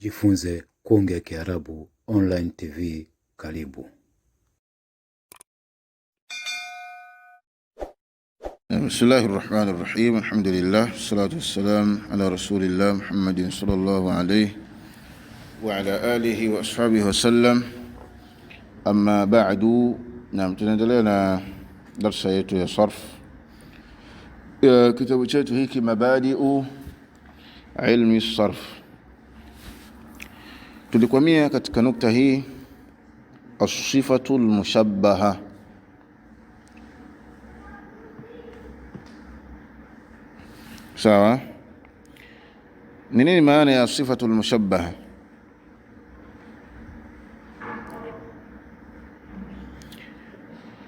Jifunze Kuongea Kiarabu Online TV karibu. Bismillahi rahmani rahim, alhamdulillah wassalatu wassalam ala rasulillah Muhammadin sallallahu alayhi wa ala alihi wa ashabihi wasallam. Amma ba'du, naam, tunaendelea na darsa yetu ya sarf ya kitabu chetu hiki Mabadiu Ilmi Sarf. Tulikwamia katika nukta hii asifatul mushabbaha, sawa. Ni nini maana ya sifatu mushabbaha?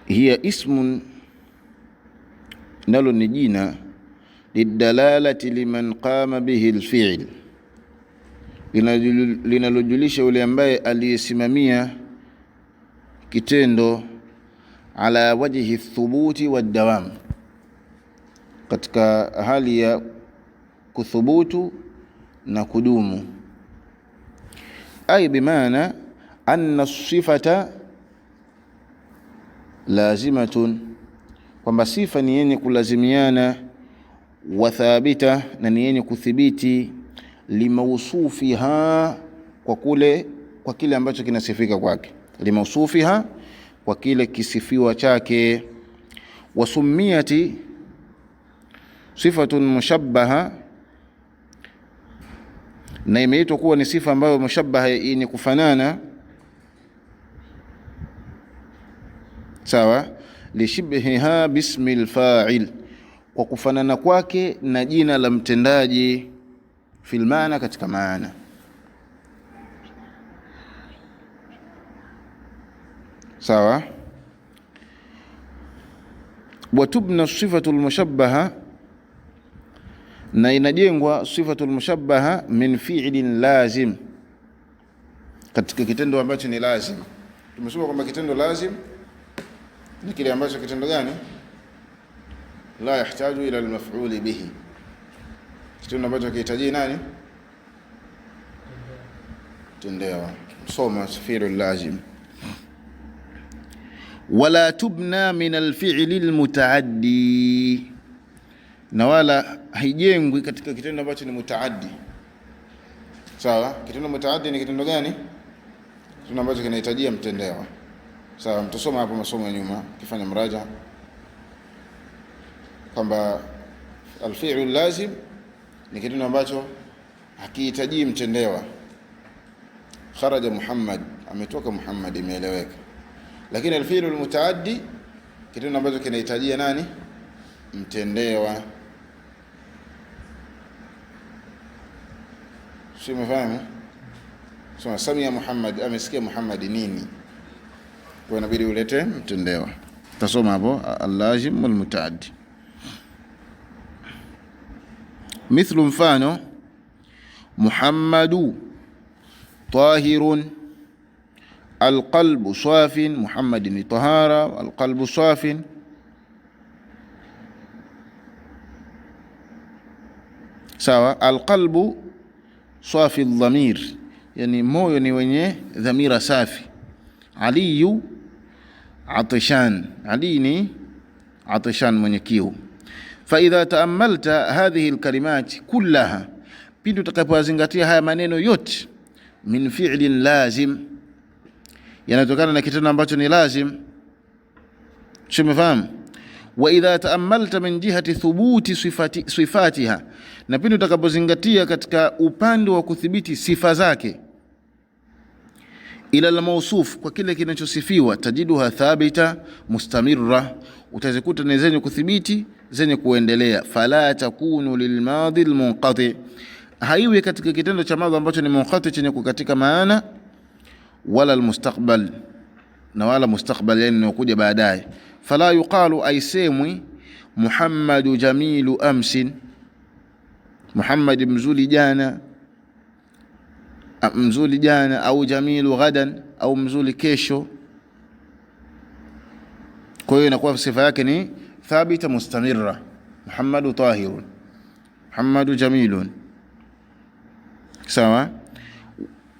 Hiya ismun, nalo ni jina, lidalalati liman qama bihi lfiil linalojulisha yule ambaye aliyesimamia kitendo ala wajhi thubuti dawam, katika hali ya kuthubutu na kudumu. Ai bimaana anna sifata lazimatun, kwamba sifa ni yenye kulazimiana, wa thabita, na ni yenye kuthibiti limausufiha, kwa kule kwa kile ambacho kinasifika kwake, limausufiha, kwa kile kisifiwa chake. Wasumiyati sifatun mushabbaha, na imeitwa kuwa ni sifa ambayo mushabbaha ni kufanana sawa lishibhiha bismi lfa'il, kwa kufanana kwake na jina la mtendaji fil maana, katika maana. Sawa, watubna sifatu lmushabaha, na inajengwa sifatu lmushabaha min fiilin lazim, katika kitendo ambacho ni lazim. Tumesema kwamba kitendo lazim ni kile ambacho kitendo gani la yahtaju ila lmafuli bihi kitendo ambacho kihitaji nani? Tendewa. Soma sifiru lazim. Wala tubna min alfi'li almutaaddi, na wala haijengwi katika kitendo ambacho ni mutaaddi. Sawa, kitendo mutaaddi ni kitendo gani? Kitendo ambacho kinahitajia mtendewa. Sawa, mtasoma hapo masomo ya nyuma kifanya mraja kwamba alfi'lu lazim ni kitu ambacho hakihitaji mtendewa. Kharaja Muhammad, ametoka Muhammad, imeeleweka. Lakini alfi'lu almutaaddi kitendo ambacho kinahitajia nani? Mtendewa. Si umefahamu? So, samia Muhammad, amesikia Muhammad nini? Kwa inabidi ulete mtendewa. Tasoma hapo allazim walmutaaddi مثل فانو محمد طاهر القلب صاف محمد طهارة القلب صاف سواء القلب صافي الضمير يعني مو يعني وين ضمير صافي علي عطشان علي عطشان من كيو faidha taamalta hadhihi lkalimati kullaha, pindi utakapoyazingatia haya maneno yote, min fi'lin lazim, yanatokana na kitendo ambacho ni lazim. Umefahamu? wa idha taamalta min jihati thubuti sifati, sifatiha, na pindi utakapozingatia katika upande wa kuthibiti sifa zake, ila almawsuf, kwa kile kinachosifiwa, tajiduha thabita mustamira, utazikuta ni zenye kuthibiti zenye kuendelea. Fala takunu lilmadhi almunqati, haiwi katika kitendo cha madhi ambacho ni munqati chenye kukatika maana, wala almustaqbal na wala mustaqbal, yani inayokuja baadaye. Fala yuqalu, aisemwi Muhammadu jamilu amsin, Muhammad mzuri jana, mzuri jana, au jamilu ghadan, au mzuri kesho. Kwa hiyo inakuwa sifa yake ni thabita mustamira, Muhammadu tahirun, Muhammadu jamilun. Sawa,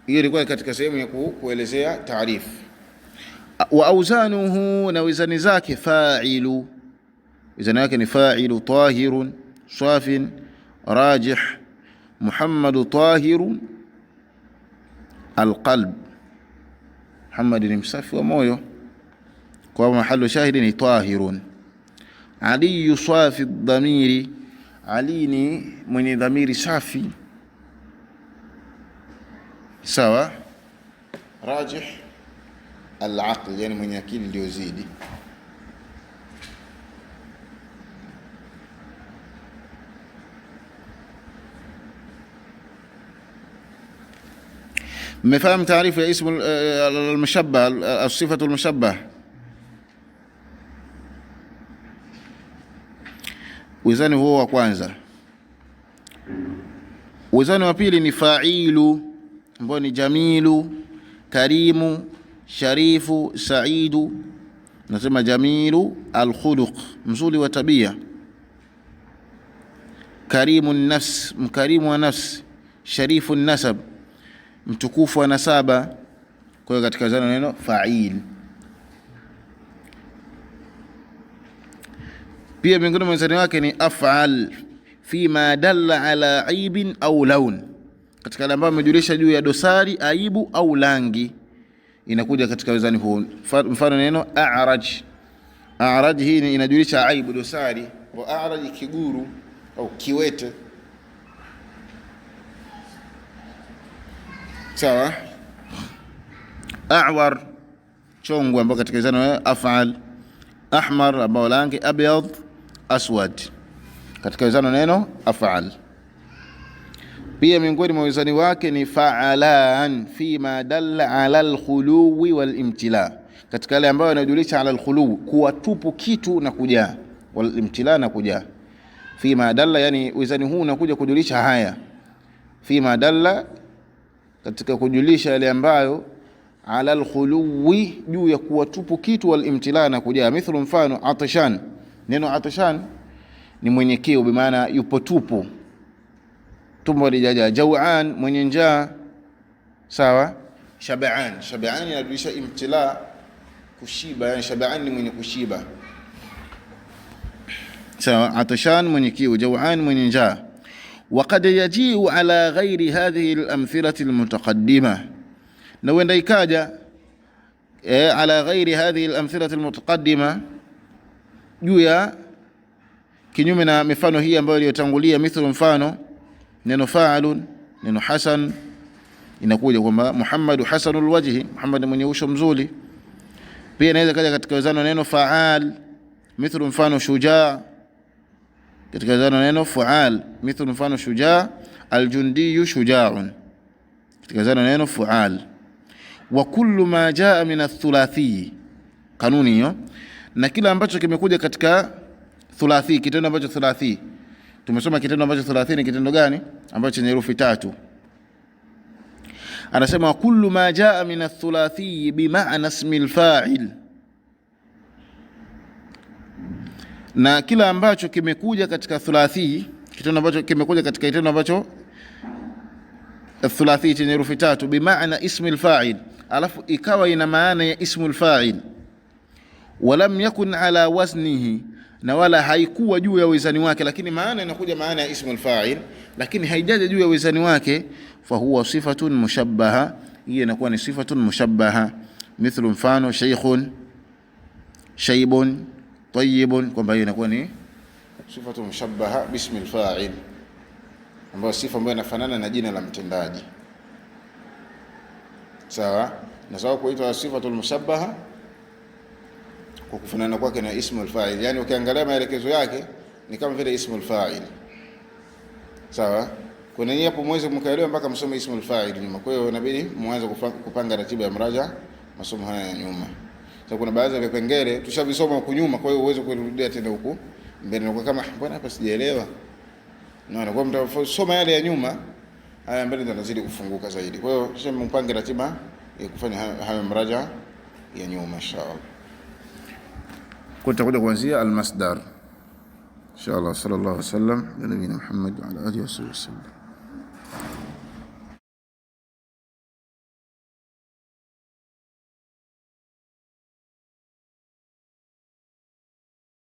hiyo ilikuwa katika sehemu ya kuelezea taarifu. Wa auzanuhu, na wizani zake fa'ilu, wizani yake ni fa'ilu, tahirun, safin, rajih, Muhammadu tahirun alqalb, Muhammad ni msafi wa moyo, kwa mahalu shahidi ni tahirun علي صافي الضمير عليني من ضمير صافي سوا راجح العقل يعني من يكين اللي مفهم تعريف اسم المشبه الصفة المشبه Wizani huo wa kwanza. Wizani wa pili ni failu ambayo ni jamilu, karimu, sharifu, saidu. Nasema jamilu alkhuluq, mzuri wa tabia, karimu nafs, mkarimu wa nafsi, sharifu nasab, mtukufu wa nasaba. Kwa hiyo katika wizani neno fail Pia miongoni mwa mizani wake ni af'al fi ma dalla ala aibin au laun, katika yale ambayo amejulisha juu ya dosari, aibu au langi, inakuja katika mizani huu. Mfano neno a'raj, a'raj hii inajulisha aibu, dosari. Wa a'raj kiguru au kiwete, sawa. A'war chongwe, ambao katika mizani af'al. Ahmar ambao langi, abyad aswad katika wizano neno afal. Pia miongoni mwa wizani wake ni faalan fi ma dalla ala alkhuluwi walimtila, katika yale ambayo yanajulisha ala alkhuluwi, kuwa tupu kitu na kujaa, walimtila na kujaa. Fi ma dalla, yani wizani huu unakuja kujulisha haya. Fi ma dalla, katika kujulisha yale ambayo ala alkhuluwi, juu ya kuwa tupu kitu, walimtila na kujaa. Mithlu, mfano atashan Neno atashan ni mwenye kiu, bi maana yupo tupu, tumbo lijaja. Jauan, mwenye njaa. Sawa. Shabaan, shabaan inadulisha imtila, kushiba. Yani shabaan ni mwenye kushiba. Sawa. Atashan, mwenye kiu. Jauan, mwenye njaa. Waqad yajiu ala ghairi hadhihi al-amthilati al-mutaqaddima, na wenda ikaja ala ghairi hadhihi al-amthilati al juu ya kinyume na mifano hii ambayo iliyotangulia, mithlu mfano, neno fa'alun, neno hasan, inakuja kwamba Muhammadu hasanul wajhi, Muhammad mwenye uso mzuri. Pia inaweza kaja katika wazano neno fa'al, mithlu mfano shujaa, katika wazano neno faal, mithlu mfano shujaa, aljundiyu shuja'un, katika wazano neno faal. Wa kullu ma jaa min athulathi, kanuni hiyo na kila ambacho kimekuja katika thulathi, kitendo ambacho thulathi tumesoma. Kitendo ambacho thulathi ni kitendo gani? Ambacho chenye herufi tatu. Anasema kullu ma jaa min athulathi bi maana ismi alfa'il, na kila ambacho kimekuja katika thulathi, kitendo ambacho kimekuja katika kitendo ambacho thulathi chenye herufi tatu, bi maana ismi alfa'il, alafu ikawa ina maana ya ismi alfa'il walam yakun ala waznihi, na wala haikuwa juu ya wizani wake. Lakini maana inakuja maana ya ismul fa'il, lakini haijaja juu ya wizani wake. Fa huwa sifatun mushabbaha, hiyo inakuwa ni sifatun mushabbaha. Mithlu, mfano shaykhun, shaybun, tayyibun, kwamba hiyo inakuwa ni sifatun mushabbaha bismil fa'il, ambayo sifa ambayo inafanana na jina la mtendaji. Sawa, na sababu kuitwa sifatul mushabbaha kwa kufanana kwake na ismul fa'il. Yani ukiangalia maelekezo yake ni kama vile ismul fa'il, sawa. Kuna nini hapo mwezi mkaelewa mpaka msome ismul fa'il nyuma? Kwa hiyo inabidi mwanze kupanga ratiba ya mraja masomo haya ya nyuma. Sasa kuna baadhi ya vipengele tushavisoma huko nyuma, kwa hiyo uweze kurudia tena huku mbele, na kama mbona hapa sijaelewa, naona kwa mtasoma yale ya nyuma, haya mbele ndio nazidi kufunguka zaidi. Kwa hiyo sasa mpange ratiba ya kufanya haya mraja ya nyuma, inshallah. وتقول وزير المصدر إن شاء الله صلى الله وسلم على نبينا محمد وعلى آله وصحبه وسلم